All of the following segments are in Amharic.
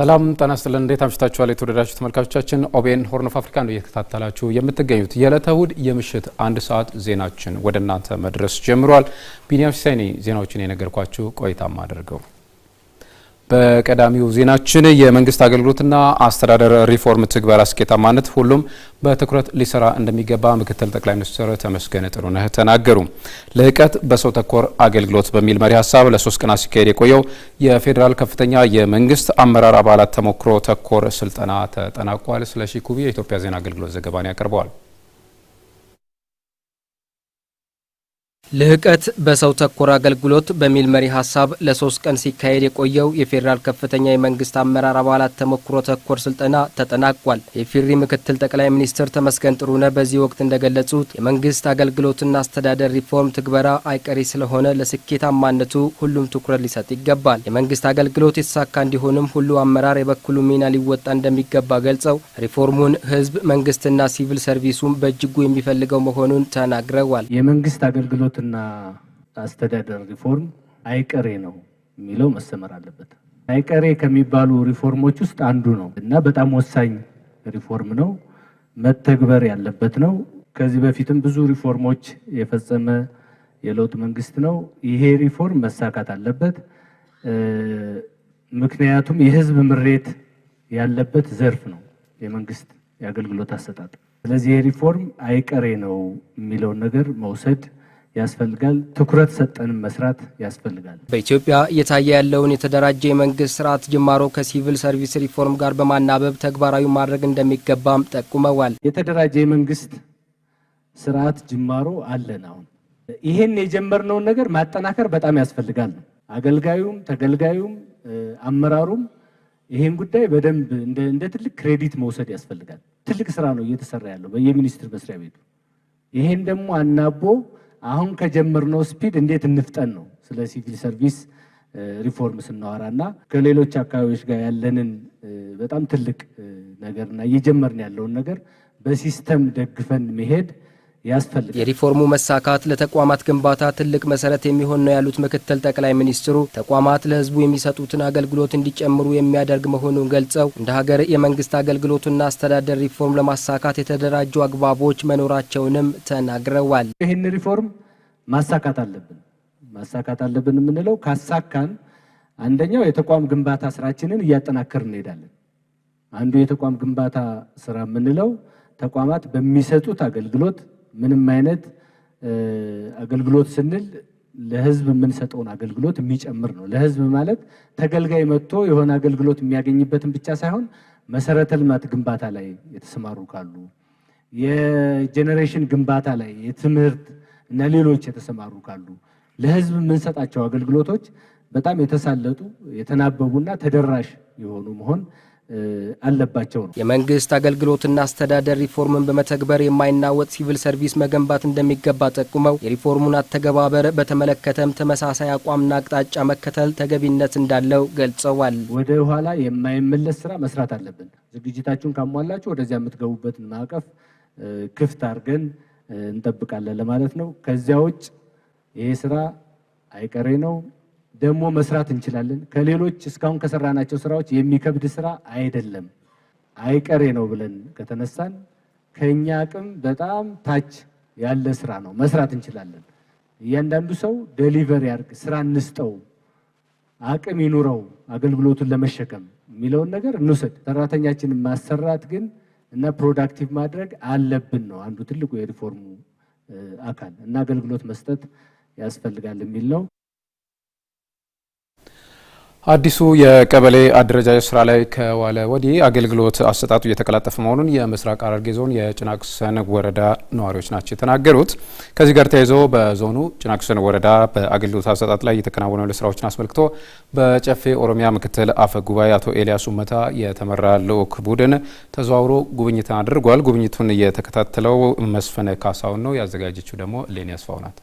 ሰላም ጤና ይስጥልን። እንዴት አምሽታችኋል? የተወደዳችሁ ተመልካቾቻችን ኦቤን ሆርን ኦፍ አፍሪካ ነው እየተከታተላችሁ የምትገኙት። የዕለተ እሁድ የምሽት አንድ ሰዓት ዜናችን ወደ እናንተ መድረስ ጀምሯል። ቢኒያም ሲሳይ ነኝ ዜናዎችን የነገርኳችሁ ቆይታም አድርገው በቀዳሚው ዜናችን የመንግስት አገልግሎትና አስተዳደር ሪፎርም ትግበራ ስኬታማነት ሁሉም በትኩረት ሊሰራ እንደሚገባ ምክትል ጠቅላይ ሚኒስትር ተመስገን ጥሩነህ ተናገሩ። ልህቀት በሰው ተኮር አገልግሎት በሚል መሪ ሀሳብ ለሶስት ቀናት ሲካሄድ የቆየው የፌዴራል ከፍተኛ የመንግስት አመራር አባላት ተሞክሮ ተኮር ስልጠና ተጠናቋል። ስለሺ ኩቢ የኢትዮጵያ ዜና አገልግሎት ዘገባን ያቀርበዋል። ልህቀት በሰው ተኮር አገልግሎት በሚል መሪ ሀሳብ ለሶስት ቀን ሲካሄድ የቆየው የፌዴራል ከፍተኛ የመንግስት አመራር አባላት ተሞክሮ ተኮር ስልጠና ተጠናቋል። የፊሪ ምክትል ጠቅላይ ሚኒስትር ተመስገን ጥሩነህ በዚህ ወቅት እንደገለጹት የመንግስት አገልግሎትና አስተዳደር ሪፎርም ትግበራ አይቀሪ ስለሆነ ለስኬታማነቱ ሁሉም ትኩረት ሊሰጥ ይገባል። የመንግስት አገልግሎት የተሳካ እንዲሆንም ሁሉ አመራር የበኩሉ ሚና ሊወጣ እንደሚገባ ገልጸው ሪፎርሙን ህዝብ፣ መንግስትና ሲቪል ሰርቪሱም በእጅጉ የሚፈልገው መሆኑን ተናግረዋል። የመንግስት አገልግሎት የትምህርትና አስተዳደር ሪፎርም አይቀሬ ነው የሚለው መሰመር አለበት። አይቀሬ ከሚባሉ ሪፎርሞች ውስጥ አንዱ ነው እና በጣም ወሳኝ ሪፎርም ነው፣ መተግበር ያለበት ነው። ከዚህ በፊትም ብዙ ሪፎርሞች የፈጸመ የለውጥ መንግስት ነው። ይሄ ሪፎርም መሳካት አለበት። ምክንያቱም የህዝብ ምሬት ያለበት ዘርፍ ነው የመንግስት የአገልግሎት አሰጣጥ። ስለዚህ ይሄ ሪፎርም አይቀሬ ነው የሚለውን ነገር መውሰድ ያስፈልጋል። ትኩረት ሰጠንም መስራት ያስፈልጋል። በኢትዮጵያ እየታየ ያለውን የተደራጀ የመንግስት ስርዓት ጅማሮ ከሲቪል ሰርቪስ ሪፎርም ጋር በማናበብ ተግባራዊ ማድረግ እንደሚገባም ጠቁመዋል። የተደራጀ የመንግስት ስርዓት ጅማሮ አለን። አሁን ይህን የጀመርነውን ነገር ማጠናከር በጣም ያስፈልጋል። አገልጋዩም ተገልጋዩም አመራሩም ይህን ጉዳይ በደንብ እንደ ትልቅ ክሬዲት መውሰድ ያስፈልጋል። ትልቅ ስራ ነው እየተሰራ ያለው በየሚኒስትር መስሪያ ቤቱ። ይሄን ደግሞ አናቦ አሁን ከጀመርነው ስፒድ እንዴት እንፍጠን ነው ስለ ሲቪል ሰርቪስ ሪፎርም ስናወራ እና ከሌሎች አካባቢዎች ጋር ያለንን በጣም ትልቅ ነገር እና እየጀመርን ያለውን ነገር በሲስተም ደግፈን መሄድ ያስፈልጋል። የሪፎርሙ መሳካት ለተቋማት ግንባታ ትልቅ መሰረት የሚሆን ነው ያሉት ምክትል ጠቅላይ ሚኒስትሩ ተቋማት ለሕዝቡ የሚሰጡትን አገልግሎት እንዲጨምሩ የሚያደርግ መሆኑን ገልጸው እንደ ሀገር የመንግስት አገልግሎትና አስተዳደር ሪፎርም ለማሳካት የተደራጁ አግባቦች መኖራቸውንም ተናግረዋል። ይህን ሪፎርም ማሳካት አለብን ማሳካት አለብን የምንለው ካሳካን አንደኛው የተቋም ግንባታ ስራችንን እያጠናከር እንሄዳለን። አንዱ የተቋም ግንባታ ስራ የምንለው ተቋማት በሚሰጡት አገልግሎት ምንም አይነት አገልግሎት ስንል ለህዝብ የምንሰጠውን አገልግሎት የሚጨምር ነው። ለህዝብ ማለት ተገልጋይ መጥቶ የሆነ አገልግሎት የሚያገኝበትን ብቻ ሳይሆን መሰረተ ልማት ግንባታ ላይ የተሰማሩ ካሉ፣ የጄኔሬሽን ግንባታ ላይ፣ የትምህርት እና ሌሎች የተሰማሩ ካሉ ለህዝብ የምንሰጣቸው አገልግሎቶች በጣም የተሳለጡ የተናበቡና ተደራሽ የሆኑ መሆን አለባቸው ነው። የመንግስት አገልግሎትና አስተዳደር ሪፎርምን በመተግበር የማይናወጥ ሲቪል ሰርቪስ መገንባት እንደሚገባ ጠቁመው የሪፎርሙን አተገባበር በተመለከተም ተመሳሳይ አቋምና አቅጣጫ መከተል ተገቢነት እንዳለው ገልጸዋል። ወደ ኋላ የማይመለስ ስራ መስራት አለብን። ዝግጅታችሁን ካሟላችሁ ወደዚያ የምትገቡበትን ማዕቀፍ ክፍት አድርገን እንጠብቃለን ለማለት ነው። ከዚያ ውጭ ይሄ ስራ አይቀሬ ነው። ደግሞ መስራት እንችላለን። ከሌሎች እስካሁን ከሰራናቸው ስራዎች የሚከብድ ስራ አይደለም። አይቀሬ ነው ብለን ከተነሳን ከኛ አቅም በጣም ታች ያለ ስራ ነው፣ መስራት እንችላለን። እያንዳንዱ ሰው ደሊቨሪ ያርግ፣ ስራ እንስጠው፣ አቅም ይኑረው አገልግሎቱን ለመሸከም የሚለውን ነገር እንውሰድ። ሰራተኛችንን ማሰራት ግን እና ፕሮዳክቲቭ ማድረግ አለብን ነው አንዱ ትልቁ የሪፎርሙ አካል እና አገልግሎት መስጠት ያስፈልጋል የሚል ነው። አዲሱ የቀበሌ አደረጃጀት ስራ ላይ ከዋለ ወዲህ አገልግሎት አሰጣጡ እየተቀላጠፈ መሆኑን የምስራቅ ሐረርጌ ዞን የጭናክሰን ወረዳ ነዋሪዎች ናቸው የተናገሩት። ከዚህ ጋር ተያይዞ በዞኑ ጭናክሰን ወረዳ በአገልግሎት አሰጣጥ ላይ እየተከናወኑ ያሉ ስራዎችን አስመልክቶ በጨፌ ኦሮሚያ ምክትል አፈ ጉባኤ አቶ ኤልያስ ኡመታ የተመራ ልዑክ ቡድን ተዘዋውሮ ጉብኝትን አድርጓል። ጉብኝቱን የተከታተለው መስፈነ ካሳውን ነው። ያዘጋጀችው ደግሞ ሌኒ አስፋው ናት።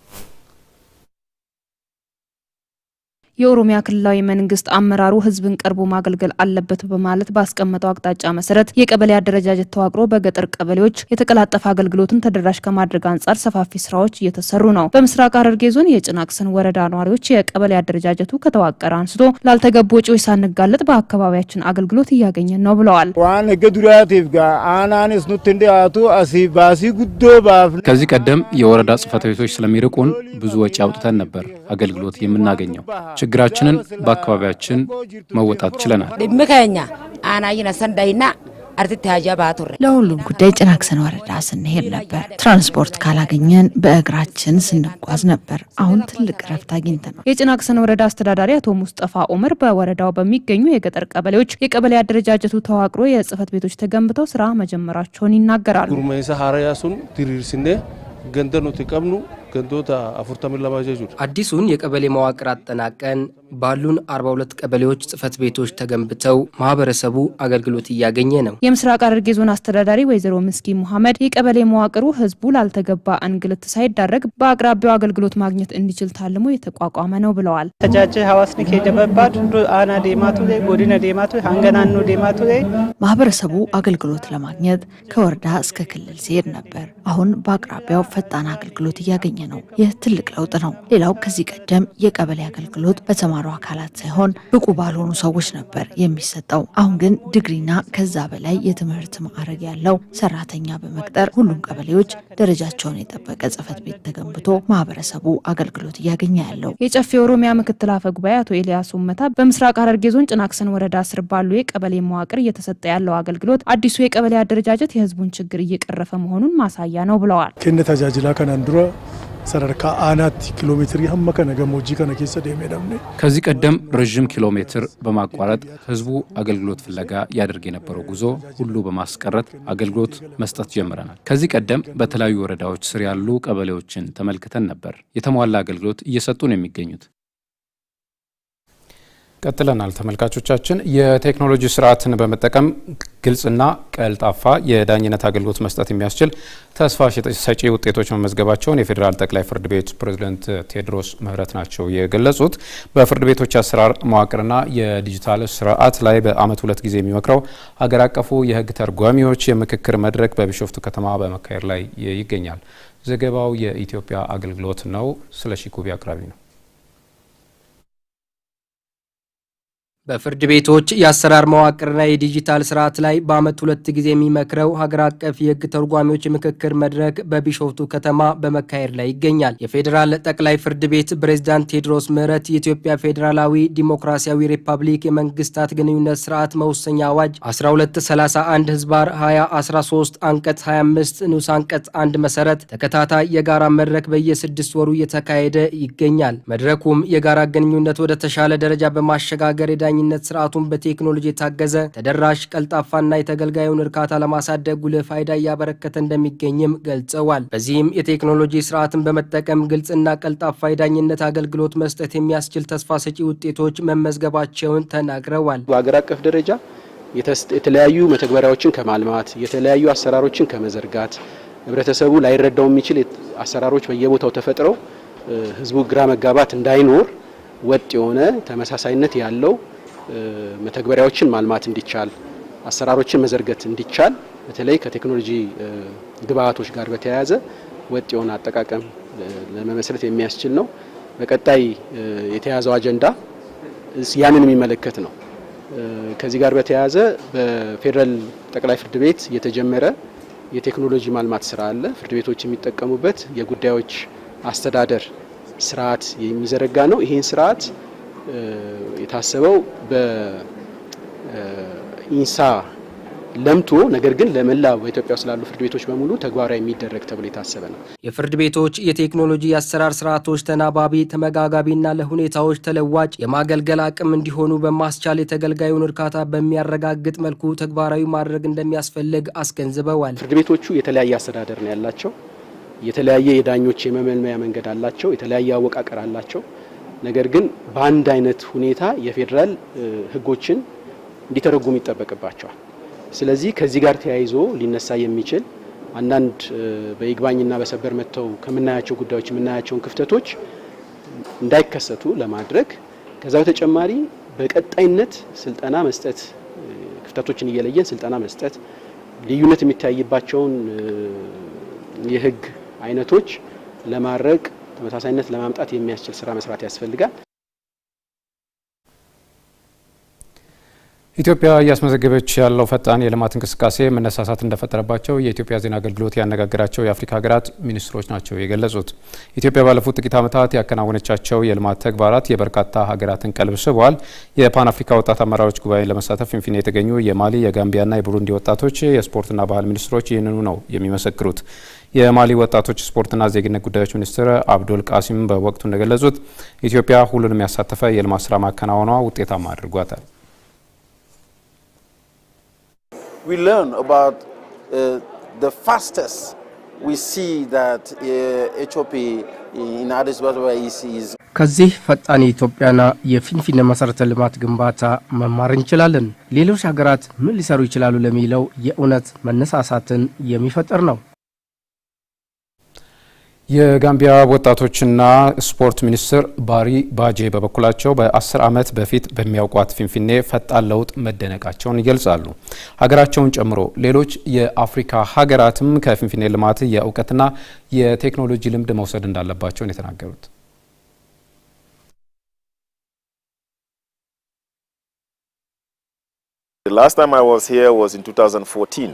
የኦሮሚያ ክልላዊ መንግስት አመራሩ ህዝብን ቀርቦ ማገልገል አለበት በማለት ባስቀመጠው አቅጣጫ መሰረት የቀበሌ አደረጃጀት ተዋቅሮ በገጠር ቀበሌዎች የተቀላጠፈ አገልግሎትን ተደራሽ ከማድረግ አንጻር ሰፋፊ ስራዎች እየተሰሩ ነው። በምስራቅ ሐረርጌ ዞን የጭናቅሰን ወረዳ ነዋሪዎች የቀበሌ አደረጃጀቱ ከተዋቀረ አንስቶ ላልተገቡ ወጪዎች ሳንጋለጥ በአካባቢያችን አገልግሎት እያገኘን ነው ብለዋል። ከዚህ ቀደም የወረዳ ጽህፈት ቤቶች ስለሚርቁን ብዙ ወጪ አውጥተን ነበር አገልግሎት የምናገኘው ችግራችንን በአካባቢያችን መወጣት ችለናል። ለሁሉም ጉዳይ ጭናክሰን ወረዳ ስንሄድ ነበር። ትራንስፖርት ካላገኘን በእግራችን ስንጓዝ ነበር። አሁን ትልቅ ረፍት ነው። የጭናክሰን ወረዳ አስተዳዳሪ አቶ ሙስጠፋ ኦመር በወረዳው በሚገኙ የገጠር ቀበሌዎች የቀበሌ አደረጃጀቱ ተዋቅሮ የጽህፈት ቤቶች ተገንብተው ስራ መጀመራቸውን ይናገራሉ። ጉርመሳ ሀረያሱን ትሪርስኔ ገንደኖት ቀብኑ አዲሱን የቀበሌ መዋቅር አጠናቀን ባሉን 42 ቀበሌዎች ጽህፈት ቤቶች ተገንብተው ማህበረሰቡ አገልግሎት እያገኘ ነው። የምስራቅ ሐረርጌ ዞን አስተዳዳሪ ወይዘሮ ምስኪ ሙሐመድ የቀበሌ መዋቅሩ ህዝቡ ላልተገባ እንግልት ሳይዳረግ በአቅራቢያው አገልግሎት ማግኘት እንዲችል ታልሞ የተቋቋመ ነው ብለዋል። ተጫጭ ሀዋስን ከደበባድ አና ዴማቱ ጎዲነ ዴማቱ ሀንገናኑ ዴማቱ ማህበረሰቡ አገልግሎት ለማግኘት ከወረዳ እስከ ክልል ሲሄድ ነበር። አሁን በአቅራቢያው ፈጣን አገልግሎት እያገኘ ነው። ይህ ትልቅ ለውጥ ነው። ሌላው ከዚህ ቀደም የቀበሌ አገልግሎት በተማሩ አካላት ሳይሆን ብቁ ባልሆኑ ሰዎች ነበር የሚሰጠው። አሁን ግን ዲግሪና ከዛ በላይ የትምህርት ማዕረግ ያለው ሰራተኛ በመቅጠር ሁሉም ቀበሌዎች ደረጃቸውን የጠበቀ ጽህፈት ቤት ተገንብቶ ማህበረሰቡ አገልግሎት እያገኘ ያለው። የጨፌ ኦሮሚያ ምክትል አፈ ጉባኤ አቶ ኤልያስ ውመታ በምስራቅ ሐረርጌ ዞን ጭናክሰን ወረዳ ስር ባሉ የቀበሌ መዋቅር እየተሰጠ ያለው አገልግሎት አዲሱ የቀበሌ አደረጃጀት የህዝቡን ችግር እየቀረፈ መሆኑን ማሳያ ነው ብለዋል። sadarkaa aanaatti kiiloomeetirii hamma kana gammoojjii kana keessa deemee dhabne. ከዚህ ቀደም ረዥም ኪሎ ሜትር በማቋረጥ ህዝቡ አገልግሎት ፍለጋ ያደርግ የነበረው ጉዞ ሁሉ በማስቀረት አገልግሎት መስጠት ጀምረናል። ከዚህ ቀደም በተለያዩ ወረዳዎች ስር ያሉ ቀበሌዎችን ተመልክተን ነበር። የተሟላ አገልግሎት እየሰጡ ነው የሚገኙት። ቀጥለናል ተመልካቾቻችን። የቴክኖሎጂ ስርዓትን በመጠቀም ግልጽና ቀልጣፋ የዳኝነት አገልግሎት መስጠት የሚያስችል ተስፋ ሰጪ ውጤቶች መመዝገባቸውን የፌዴራል ጠቅላይ ፍርድ ቤት ፕሬዝዳንት ቴዎድሮስ ምህረት ናቸው የገለጹት። በፍርድ ቤቶች አሰራር መዋቅርና የዲጂታል ስርዓት ላይ በአመት ሁለት ጊዜ የሚመክረው ሀገር አቀፉ የህግ ተርጓሚዎች የምክክር መድረክ በቢሾፍቱ ከተማ በመካሄድ ላይ ይገኛል። ዘገባው የኢትዮጵያ አገልግሎት ነው። ስለ ሺኩቢ አቅራቢ ነው። በፍርድ ቤቶች የአሰራር መዋቅርና የዲጂታል ስርዓት ላይ በዓመት ሁለት ጊዜ የሚመክረው ሀገር አቀፍ የህግ ተርጓሚዎች ምክክር መድረክ በቢሾፍቱ ከተማ በመካሄድ ላይ ይገኛል። የፌዴራል ጠቅላይ ፍርድ ቤት ፕሬዝዳንት ቴዎድሮስ ምህረት የኢትዮጵያ ፌዴራላዊ ዲሞክራሲያዊ ሪፐብሊክ የመንግስታት ግንኙነት ስርዓት መወሰኛ አዋጅ 1231 ህዝባር 2013 አንቀጽ 25 ንዑስ አንቀጽ 1 መሰረት ተከታታይ የጋራ መድረክ በየስድስት ወሩ እየተካሄደ ይገኛል። መድረኩም የጋራ ግንኙነት ወደ ተሻለ ደረጃ በማሸጋገር የዳኝ የዳኝነት ስርዓቱን በቴክኖሎጂ የታገዘ ተደራሽ፣ ቀልጣፋና የተገልጋዩን እርካታ ለማሳደግ ጉልህ ፋይዳ እያበረከተ እንደሚገኝም ገልጸዋል። በዚህም የቴክኖሎጂ ስርዓትን በመጠቀም ግልጽና ቀልጣፋ የዳኝነት አገልግሎት መስጠት የሚያስችል ተስፋ ሰጪ ውጤቶች መመዝገባቸውን ተናግረዋል። በሀገር አቀፍ ደረጃ የተለያዩ መተግበሪያዎችን ከማልማት የተለያዩ አሰራሮችን ከመዘርጋት ህብረተሰቡ ላይረዳው የሚችል አሰራሮች በየቦታው ተፈጥረው ህዝቡ ግራ መጋባት እንዳይኖር ወጥ የሆነ ተመሳሳይነት ያለው መተግበሪያዎችን ማልማት እንዲቻል አሰራሮችን መዘርገት እንዲቻል በተለይ ከቴክኖሎጂ ግብአቶች ጋር በተያያዘ ወጥ የሆነ አጠቃቀም ለመመስረት የሚያስችል ነው። በቀጣይ የተያዘው አጀንዳ ያንን የሚመለከት ነው። ከዚህ ጋር በተያያዘ በፌዴራል ጠቅላይ ፍርድ ቤት የተጀመረ የቴክኖሎጂ ማልማት ስራ አለ። ፍርድ ቤቶች የሚጠቀሙበት የጉዳዮች አስተዳደር ስርዓት የሚዘረጋ ነው። ይህን ስርዓት የታሰበው በኢንሳ ለምቶ ነገር ግን ለመላ በኢትዮጵያ ውስጥ ላሉ ፍርድ ቤቶች በሙሉ ተግባራዊ የሚደረግ ተብሎ የታሰበ ነው። የፍርድ ቤቶች የቴክኖሎጂ የአሰራር ስርዓቶች ተናባቢ፣ ተመጋጋቢና ለሁኔታዎች ተለዋጭ የማገልገል አቅም እንዲሆኑ በማስቻል የተገልጋዩን እርካታ በሚያረጋግጥ መልኩ ተግባራዊ ማድረግ እንደሚያስፈልግ አስገንዝበዋል። ፍርድ ቤቶቹ የተለያየ አስተዳደር ነው ያላቸው። የተለያየ የዳኞች የመመልመያ መንገድ አላቸው። የተለያየ አወቃቀር አላቸው። ነገር ግን በአንድ አይነት ሁኔታ የፌዴራል ህጎችን እንዲተረጉም ይጠበቅባቸዋል። ስለዚህ ከዚህ ጋር ተያይዞ ሊነሳ የሚችል አንዳንድ በይግባኝና በሰበር መጥተው ከምናያቸው ጉዳዮች የምናያቸውን ክፍተቶች እንዳይከሰቱ ለማድረግ ከዛ በተጨማሪ በቀጣይነት ስልጠና መስጠት፣ ክፍተቶችን እየለየን ስልጠና መስጠት፣ ልዩነት የሚታይባቸውን የህግ አይነቶች ለማድረግ ተመሳሳይነት ለማምጣት የሚያስችል ስራ መስራት ያስፈልጋል። ኢትዮጵያ እያስመዘገበች ያለው ፈጣን የልማት እንቅስቃሴ መነሳሳት እንደፈጠረባቸው የኢትዮጵያ ዜና አገልግሎት ያነጋገራቸው የአፍሪካ ሀገራት ሚኒስትሮች ናቸው የገለጹት። ኢትዮጵያ ባለፉት ጥቂት ዓመታት ያከናወነቻቸው የልማት ተግባራት የበርካታ ሀገራትን ቀልብ ስበዋል። የፓን አፍሪካ ወጣት አመራሮች ጉባኤን ለመሳተፍ ፊንፊኔ የተገኙ የማሊ የጋምቢያና የቡሩንዲ ወጣቶች የስፖርትና ባህል ሚኒስትሮች ይህንኑ ነው የሚመሰክሩት። የማሊ ወጣቶች ስፖርትና ዜግነት ጉዳዮች ሚኒስትር አብዶል ቃሲም በወቅቱ እንደገለጹት ኢትዮጵያ ሁሉንም ያሳተፈ የልማት ስራ ማከናወኗ ውጤታማ አድርጓታል። we learn about uh, the fastest we see that uh, HOP in Addis Ababa is ከዚህ ፈጣን የኢትዮጵያና የፊንፊኔ መሰረተ ልማት ግንባታ መማር እንችላለን። ሌሎች ሀገራት ምን ሊሰሩ ይችላሉ ለሚለው የእውነት መነሳሳትን የሚፈጥር ነው። የጋምቢያ ወጣቶችና ስፖርት ሚኒስትር ባሪ ባጄ በበኩላቸው በ10 ዓመት በፊት በሚያውቋት ፊንፊኔ ፈጣን ለውጥ መደነቃቸውን ይገልጻሉ። ሀገራቸውን ጨምሮ ሌሎች የአፍሪካ ሀገራትም ከፊንፊኔ ልማት የእውቀትና የቴክኖሎጂ ልምድ መውሰድ እንዳለባቸውን የተናገሩት The last time I was here was in 2014.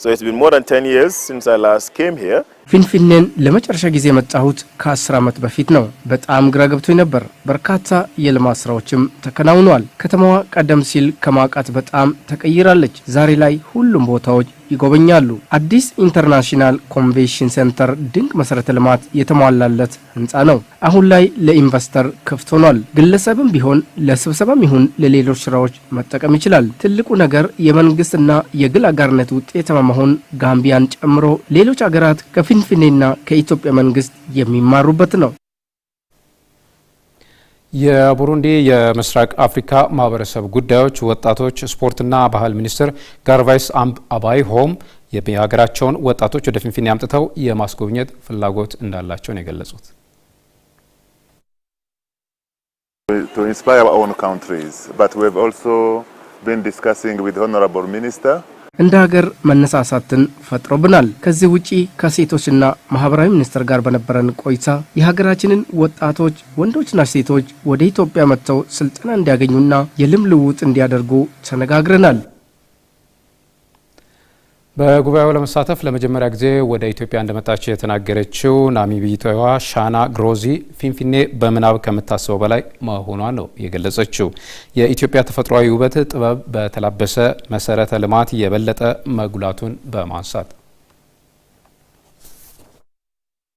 So it's been more than 10 years since I last came here. ፊንፊኔን ለመጨረሻ ጊዜ የመጣሁት ከአስር ዓመት በፊት ነው። በጣም ግራ ገብቶኝ ነበር። በርካታ የልማት ስራዎችም ተከናውኗል። ከተማዋ ቀደም ሲል ከማውቃት በጣም ተቀይራለች። ዛሬ ላይ ሁሉም ቦታዎች ይጎበኛሉ። አዲስ ኢንተርናሽናል ኮንቬንሽን ሴንተር ድንቅ መሠረተ ልማት የተሟላለት ህንፃ ነው። አሁን ላይ ለኢንቨስተር ክፍት ሆኗል። ግለሰብም ቢሆን ለስብሰባም ይሁን ለሌሎች ስራዎች መጠቀም ይችላል። ትልቁ ነገር የመንግስትና የግል አጋርነት ውጤታማ መሆን ጋምቢያን ጨምሮ ሌሎች አገራት ከፊ ከፊንፊኔና ከኢትዮጵያ መንግስት የሚማሩበት ነው። የቡሩንዲ የምስራቅ አፍሪካ ማህበረሰብ ጉዳዮች ወጣቶች ስፖርትና ባህል ሚኒስትር ጋርቫይስ አምብ አባይ ሆም የሀገራቸውን ወጣቶች ወደ ፊንፊኔ አምጥተው የማስጎብኘት ፍላጎት እንዳላቸውን የገለጹት። to inspire our own countries but we እንደ ሀገር መነሳሳትን ፈጥሮብናል። ከዚህ ውጪ ከሴቶችና ማህበራዊ ሚኒስቴር ጋር በነበረን ቆይታ የሀገራችንን ወጣቶች ወንዶችና ሴቶች ወደ ኢትዮጵያ መጥተው ስልጠና እንዲያገኙና የልምልውጥ እንዲያደርጉ ተነጋግረናል። በጉባኤው ለመሳተፍ ለመጀመሪያ ጊዜ ወደ ኢትዮጵያ እንደመጣች የተናገረችው ናሚቢቷዋ ሻና ግሮዚ ፊንፊኔ በምናብ ከምታስበው በላይ መሆኗ ነው የገለጸችው። የኢትዮጵያ ተፈጥሯዊ ውበት ጥበብ በተላበሰ መሰረተ ልማት የበለጠ መጉላቱን በማንሳት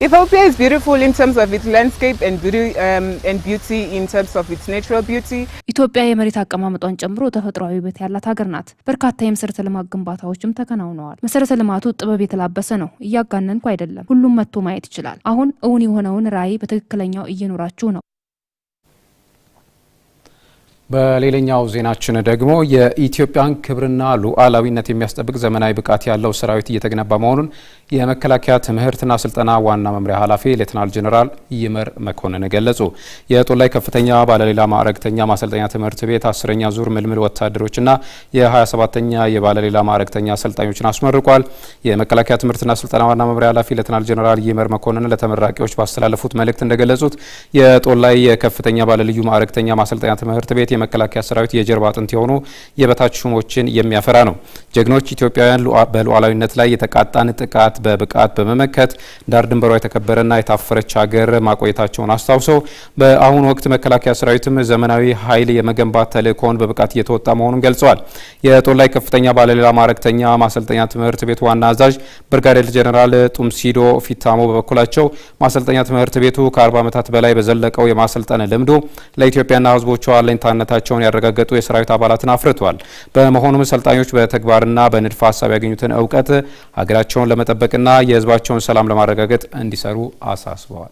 Ethiopia is beautiful in terms of its landscape and beauty, um, and beauty in terms of its natural beauty. ኢትዮጵያ የመሬት አቀማመጧን ጨምሮ ተፈጥሯዊ ውበት ያላት ሀገር ናት። በርካታ የመሰረተ ልማት ግንባታዎችም ተከናውነዋል። መሰረተ ልማቱ ጥበብ የተላበሰ ነው። እያጋነንኩ አይደለም። ሁሉም መጥቶ ማየት ይችላል። አሁን እውን የሆነውን ራዕይ በትክክለኛው እየኖራችሁ ነው። በሌላኛው ዜናችን ደግሞ የኢትዮጵያን ክብርና ሉዓላዊነት የሚያስጠብቅ ዘመናዊ ብቃት ያለው ሰራዊት እየተገነባ መሆኑን የመከላከያ ትምህርትና ስልጠና ዋና መምሪያ ኃላፊ ሌትናል ጄኔራል ይመር መኮንን ገለጹ። የጦር ላይ ከፍተኛ ባለሌላ ማዕረግተኛ ማሰልጠኛ ትምህርት ቤት አስረኛ ዙር ምልምል ወታደሮችና የ27ተኛ የባለሌላ ማዕረግተኛ አሰልጣኞችን አስመርቋል። የመከላከያ ትምህርትና ስልጠና ዋና መምሪያ ኃላፊ ሌትናል ጄኔራል ይመር መኮንን ለተመራቂዎች ባስተላለፉት መልእክት እንደገለጹት የጦር ላይ የከፍተኛ ባለልዩ ማዕረግተኛ ማሰልጠኛ ትምህርት ቤት የመከላከያ ሰራዊት የጀርባ አጥንት የሆኑ የበታች ሹሞችን የሚያፈራ ነው። ጀግኖች ኢትዮጵያውያን በሉዓላዊነት ላይ የተቃጣን ጥቃት በብቃት በመመከት ዳር ድንበሯ የተከበረና የታፈረች ሀገር ማቆየታቸውን አስታውሰው በአሁኑ ወቅት መከላከያ ሰራዊትም ዘመናዊ ኃይል የመገንባት ተልእኮውን በብቃት እየተወጣ መሆኑን ገልጸዋል። የጦር ላይ ከፍተኛ ባለሌላ ማዕረግተኛ ማሰልጠኛ ትምህርት ቤት ዋና አዛዥ ብርጋዴር ጄኔራል ጡምሲዶ ፊታሞ በበኩላቸው ማሰልጠኛ ትምህርት ቤቱ ከ40 ዓመታት በላይ በዘለቀው የማሰልጠን ልምዱ ለኢትዮጵያና ህዝቦቿ አለኝታነታቸውን ያረጋገጡ የሰራዊት አባላትን አፍርቷል። በመሆኑም ሰልጣኞች በተግባርና በንድፈ ሀሳብ ያገኙትን እውቀት ሀገራቸውን ለመጠበቅ ለማስጠበቅና የህዝባቸውን ሰላም ለማረጋገጥ እንዲሰሩ አሳስበዋል።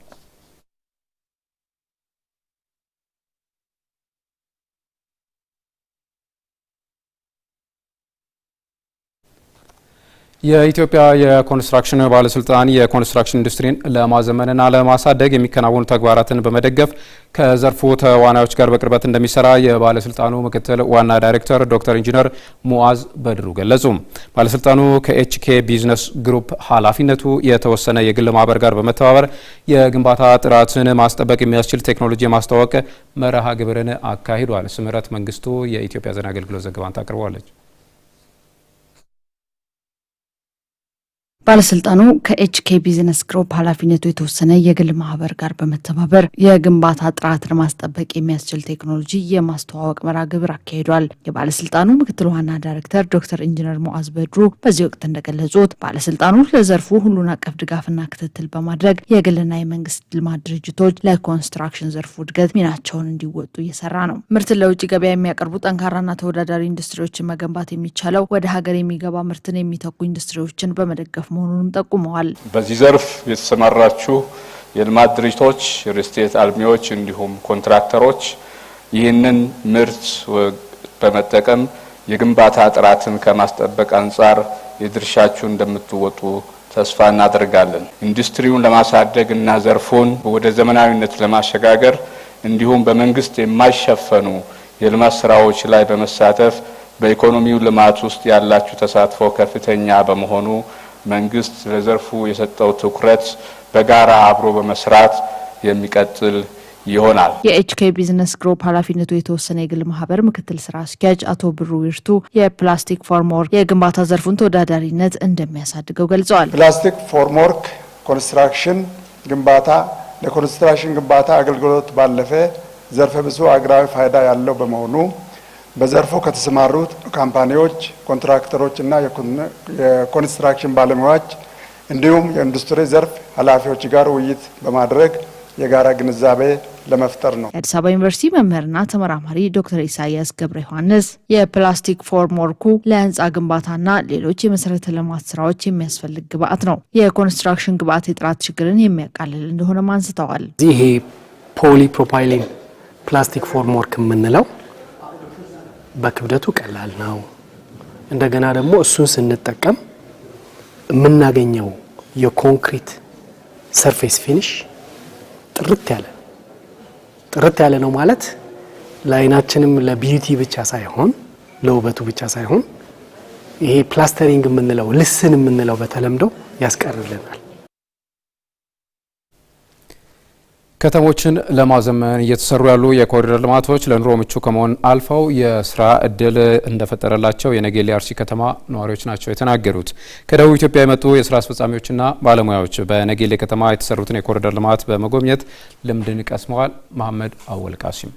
የኢትዮጵያ የኮንስትራክሽን ባለስልጣን የኮንስትራክሽን ኢንዱስትሪን ለማዘመንና ለማሳደግ የሚከናወኑ ተግባራትን በመደገፍ ከዘርፉ ተዋናዮች ጋር በቅርበት እንደሚሰራ የባለስልጣኑ ምክትል ዋና ዳይሬክተር ዶክተር ኢንጂነር ሙዓዝ በድሩ ገለጹ። ባለስልጣኑ ከኤችኬ ቢዝነስ ግሩፕ ኃላፊነቱ የተወሰነ የግል ማህበር ጋር በመተባበር የግንባታ ጥራትን ማስጠበቅ የሚያስችል ቴክኖሎጂ የማስተዋወቅ መርሃ ግብርን አካሂዷል። ስምረት መንግስቱ የኢትዮጵያ ዜና አገልግሎት ዘገባን ታቅርበዋለች። ባለስልጣኑ ከኤችኬ ቢዝነስ ግሩፕ ኃላፊነቱ የተወሰነ የግል ማህበር ጋር በመተባበር የግንባታ ጥራትን ማስጠበቅ የሚያስችል ቴክኖሎጂ የማስተዋወቅ መርሃ ግብር አካሂዷል። የባለስልጣኑ ምክትል ዋና ዳይሬክተር ዶክተር ኢንጂነር ሞዓዝ በድሩ በዚህ ወቅት እንደገለጹት ባለስልጣኑ ለዘርፉ ሁሉን አቀፍ ድጋፍና ክትትል በማድረግ የግልና የመንግስት ልማት ድርጅቶች ለኮንስትራክሽን ዘርፉ እድገት ሚናቸውን እንዲወጡ እየሰራ ነው። ምርትን ለውጭ ገበያ የሚያቀርቡ ጠንካራና ተወዳዳሪ ኢንዱስትሪዎችን መገንባት የሚቻለው ወደ ሀገር የሚገባ ምርትን የሚተኩ ኢንዱስትሪዎችን በመደገፍ መሆኑንም ጠቁመዋል። በዚህ ዘርፍ የተሰማራችሁ የልማት ድርጅቶች፣ ሪስቴት አልሚዎች እንዲሁም ኮንትራክተሮች ይህንን ምርት በመጠቀም የግንባታ ጥራትን ከማስጠበቅ አንጻር የድርሻችሁን እንደምትወጡ ተስፋ እናደርጋለን። ኢንዱስትሪውን ለማሳደግ እና ዘርፉን ወደ ዘመናዊነት ለማሸጋገር እንዲሁም በመንግስት የማይሸፈኑ የልማት ስራዎች ላይ በመሳተፍ በኢኮኖሚው ልማት ውስጥ ያላችሁ ተሳትፎ ከፍተኛ በመሆኑ መንግስት ለዘርፉ የሰጠው ትኩረት በጋራ አብሮ በመስራት የሚቀጥል ይሆናል። የኤችኬ ቢዝነስ ግሩፕ ኃላፊነቱ የተወሰነ የግል ማህበር ምክትል ስራ አስኪያጅ አቶ ብሩ ይርቱ የፕላስቲክ ፎርምወርክ የግንባታ ዘርፉን ተወዳዳሪነት እንደሚያሳድገው ገልጸዋል። ፕላስቲክ ፎርምወርክ ኮንስትራክሽን ግንባታ ለኮንስትራክሽን ግንባታ አገልግሎት ባለፈ ዘርፈ ብዙ አገራዊ ፋይዳ ያለው በመሆኑ በዘርፉ ከተሰማሩት ካምፓኒዎች፣ ኮንትራክተሮች እና የኮንስትራክሽን ባለሙያዎች እንዲሁም የኢንዱስትሪ ዘርፍ ኃላፊዎች ጋር ውይይት በማድረግ የጋራ ግንዛቤ ለመፍጠር ነው። የአዲስ አበባ ዩኒቨርሲቲ መምህርና ተመራማሪ ዶክተር ኢሳያስ ገብረ ዮሐንስ የፕላስቲክ ፎርም ወርኩ ለህንፃ ግንባታና ሌሎች የመሰረተ ልማት ስራዎች የሚያስፈልግ ግብአት ነው። የኮንስትራክሽን ግብአት የጥራት ችግርን የሚያቃልል እንደሆነም አንስተዋል። ይሄ ፖሊፕሮፓይሊን ፕላስቲክ ፎርም ወርክ የምንለው በክብደቱ ቀላል ነው። እንደገና ደግሞ እሱን ስንጠቀም የምናገኘው የኮንክሪት ሰርፌስ ፊኒሽ ጥርት ያለ ጥርት ያለ ነው ማለት ለአይናችንም ለቢዩቲ ብቻ ሳይሆን ለውበቱ ብቻ ሳይሆን ይሄ ፕላስተሪንግ የምንለው ልስን የምንለው በተለምዶ ያስቀርልናል። ከተሞችን ለማዘመን እየተሰሩ ያሉ የኮሪደር ልማቶች ለኑሮ ምቹ ከመሆን አልፈው የስራ እድል እንደፈጠረላቸው የነጌሌ አርሲ ከተማ ነዋሪዎች ናቸው የተናገሩት። ከደቡብ ኢትዮጵያ የመጡ የስራ አስፈጻሚዎችና ባለሙያዎች በነጌሌ ከተማ የተሰሩትን የኮሪደር ልማት በመጎብኘት ልምድን ቀስመዋል። መሐመድ አወልቃሲም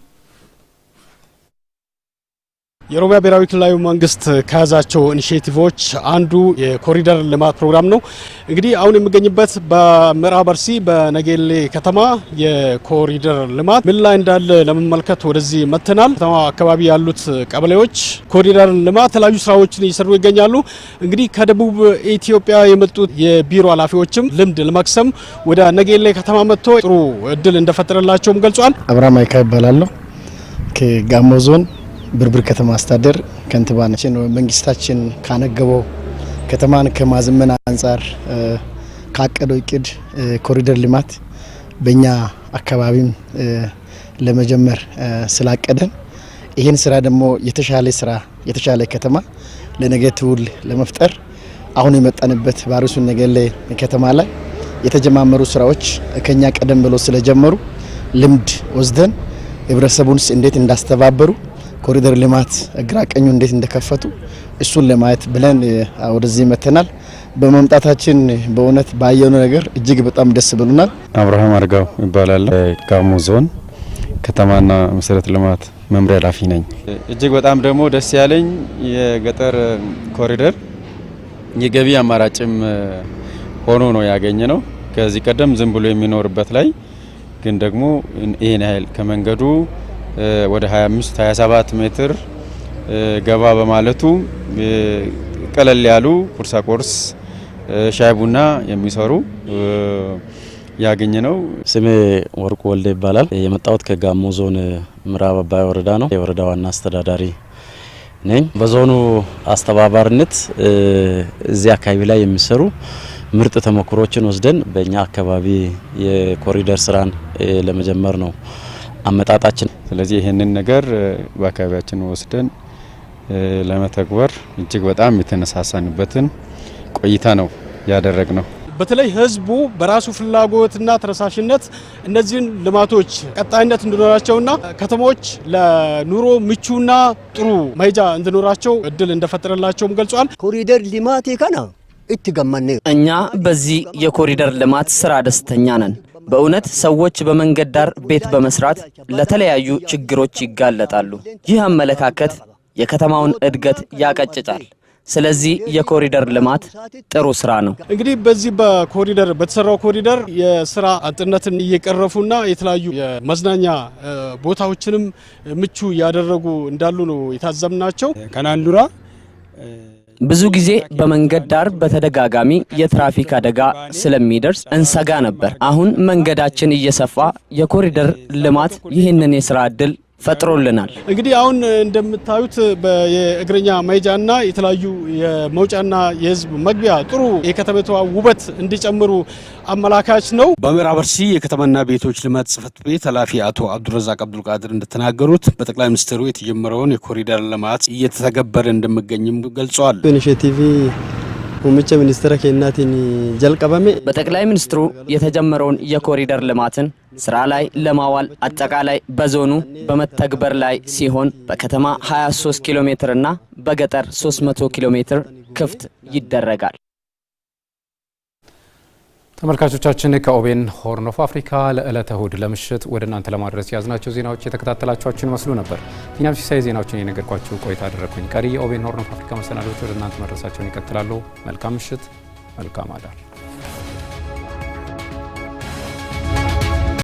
የኦሮሚያ ብሔራዊ ክልላዊ መንግስት ከያዛቸው ኢኒሽቲቭዎች አንዱ የኮሪደር ልማት ፕሮግራም ነው። እንግዲህ አሁን የሚገኝበት በምዕራብ አርሲ በነጌሌ ከተማ የኮሪደር ልማት ምን ላይ እንዳለ ለመመልከት ወደዚህ መጥተናል። ከተማ አካባቢ ያሉት ቀበሌዎች ኮሪደር ልማት የተለያዩ ስራዎችን እየሰሩ ይገኛሉ። እንግዲህ ከደቡብ ኢትዮጵያ የመጡት የቢሮ ኃላፊዎችም ልምድ ለመቅሰም ወደ ነጌሌ ከተማ መጥቶ ጥሩ እድል እንደፈጠረላቸውም ገልጿል። አብራ ይባላለሁ ከጋሞ ዞን ብርብር ከተማ አስተዳደር ከንቲባችን መንግስታችን ካነገበው ከተማን ከማዘመን አንጻር ካቀደው እቅድ ኮሪደር ልማት በእኛ አካባቢም ለመጀመር ስላቀደን ይህን ስራ ደግሞ የተሻለ ስራ የተሻለ ከተማ ለነገ ትውል ለመፍጠር አሁን የመጣንበት ባሪሱን ነገሌ ከተማ ላይ የተጀማመሩ ስራዎች ከኛ ቀደም ብሎ ስለጀመሩ ልምድ ወስደን ህብረተሰቡንስ እንዴት እንዳስተባበሩ ኮሪደር ልማት እግራ ቀኙ እንዴት እንደከፈቱ እሱን ለማየት ብለን ወደዚህ መተናል። በመምጣታችን በእውነት ባየኑ ነገር እጅግ በጣም ደስ ብሎናል። አብርሃም አርጋው ይባላል። ጋሞ ዞን ከተማና መሰረተ ልማት መምሪያ ኃላፊ ነኝ። እጅግ በጣም ደግሞ ደስ ያለኝ የገጠር ኮሪደር የገቢ አማራጭም ሆኖ ነው ያገኘ ነው። ከዚህ ቀደም ዝም ብሎ የሚኖርበት ላይ ግን ደግሞ ይህን ያህል ከመንገዱ ወደ 25 27 ሜትር ገባ በማለቱ ቀለል ያሉ ቁርሳቁርስ ሻይ ቡና የሚሰሩ ያገኘ ነው። ስሜ ወርቁ ወልደ ይባላል። የመጣሁት ከጋሞ ዞን ምዕራብ አባይ ወረዳ ነው። የወረዳ ዋና አስተዳዳሪ ነኝ። በዞኑ አስተባባሪነት እዚህ አካባቢ ላይ የሚሰሩ ምርጥ ተሞክሮችን ወስደን በእኛ አካባቢ የኮሪደር ስራን ለመጀመር ነው አመጣጣችን። ስለዚህ ይህንን ነገር በአካባቢያችን ወስደን ለመተግበር እጅግ በጣም የተነሳሳንበትን ቆይታ ነው ያደረግ ነው። በተለይ ህዝቡ በራሱ ፍላጎትና ተነሳሽነት እነዚህን ልማቶች ቀጣይነት እንዲኖራቸውና ከተሞች ለኑሮ ምቹና ጥሩ መሄጃ እንዲኖራቸው እድል እንደፈጠረላቸውም ገልጿል። ኮሪደር ልማት ከና እትገመን እኛ በዚህ የኮሪደር ልማት ስራ ደስተኛ ነን። በእውነት ሰዎች በመንገድ ዳር ቤት በመስራት ለተለያዩ ችግሮች ይጋለጣሉ። ይህ አመለካከት የከተማውን እድገት ያቀጭጫል። ስለዚህ የኮሪደር ልማት ጥሩ ስራ ነው። እንግዲህ በዚህ በኮሪደር በተሰራው ኮሪደር የስራ አጥነትን እየቀረፉና የተለያዩ የመዝናኛ ቦታዎችንም ምቹ ያደረጉ እንዳሉ ነው የታዘብናቸው ከናንዱራ ብዙ ጊዜ በመንገድ ዳር በተደጋጋሚ የትራፊክ አደጋ ስለሚደርስ እንሰጋ ነበር። አሁን መንገዳችን እየሰፋ የኮሪደር ልማት ይህንን የስራ ዕድል ፈጥሮልናል። እንግዲህ አሁን እንደምታዩት የእግረኛ መሄጃና የተለያዩ የመውጫና የህዝብ መግቢያ ጥሩ የከተማዋ ውበት እንዲጨምሩ አመላካች ነው። በምዕራብ አርሲ የከተማና ቤቶች ልማት ጽፈት ቤት ኃላፊ አቶ አብዱረዛቅ አብዱልቃድር እንደተናገሩት በጠቅላይ ሚኒስትሩ የተጀመረውን የኮሪደር ልማት እየተተገበረ እንደሚገኝም ገልጸዋል። ኢኒሼቲቭ ሙምቸ ሚኒስትር ኬናቲን ጀልቀበሜ በጠቅላይ ሚኒስትሩ የተጀመረውን የኮሪደር ልማትን ስራ ላይ ለማዋል አጠቃላይ በዞኑ በመተግበር ላይ ሲሆን በከተማ 23 ኪሎ ሜትር እና በገጠር 300 ኪሎ ሜትር ክፍት ይደረጋል። ተመልካቾቻችን ከኦቤን ሆርን ኦፍ አፍሪካ ለዕለተ እሁድ ለምሽት ወደ እናንተ ለማድረስ የያዝናቸው ዜናዎች የተከታተላችኋችሁን ይመስሉ ነበር። ቢኒያም ሲሳይ ዜናዎችን የነገርኳችሁ ቆይታ አደረግኩኝ። ቀሪ የኦቤን ሆርን ኦፍ አፍሪካ መሰናዶች ወደ እናንተ መድረሳቸውን ይቀጥላሉ። መልካም ምሽት፣ መልካም አዳር።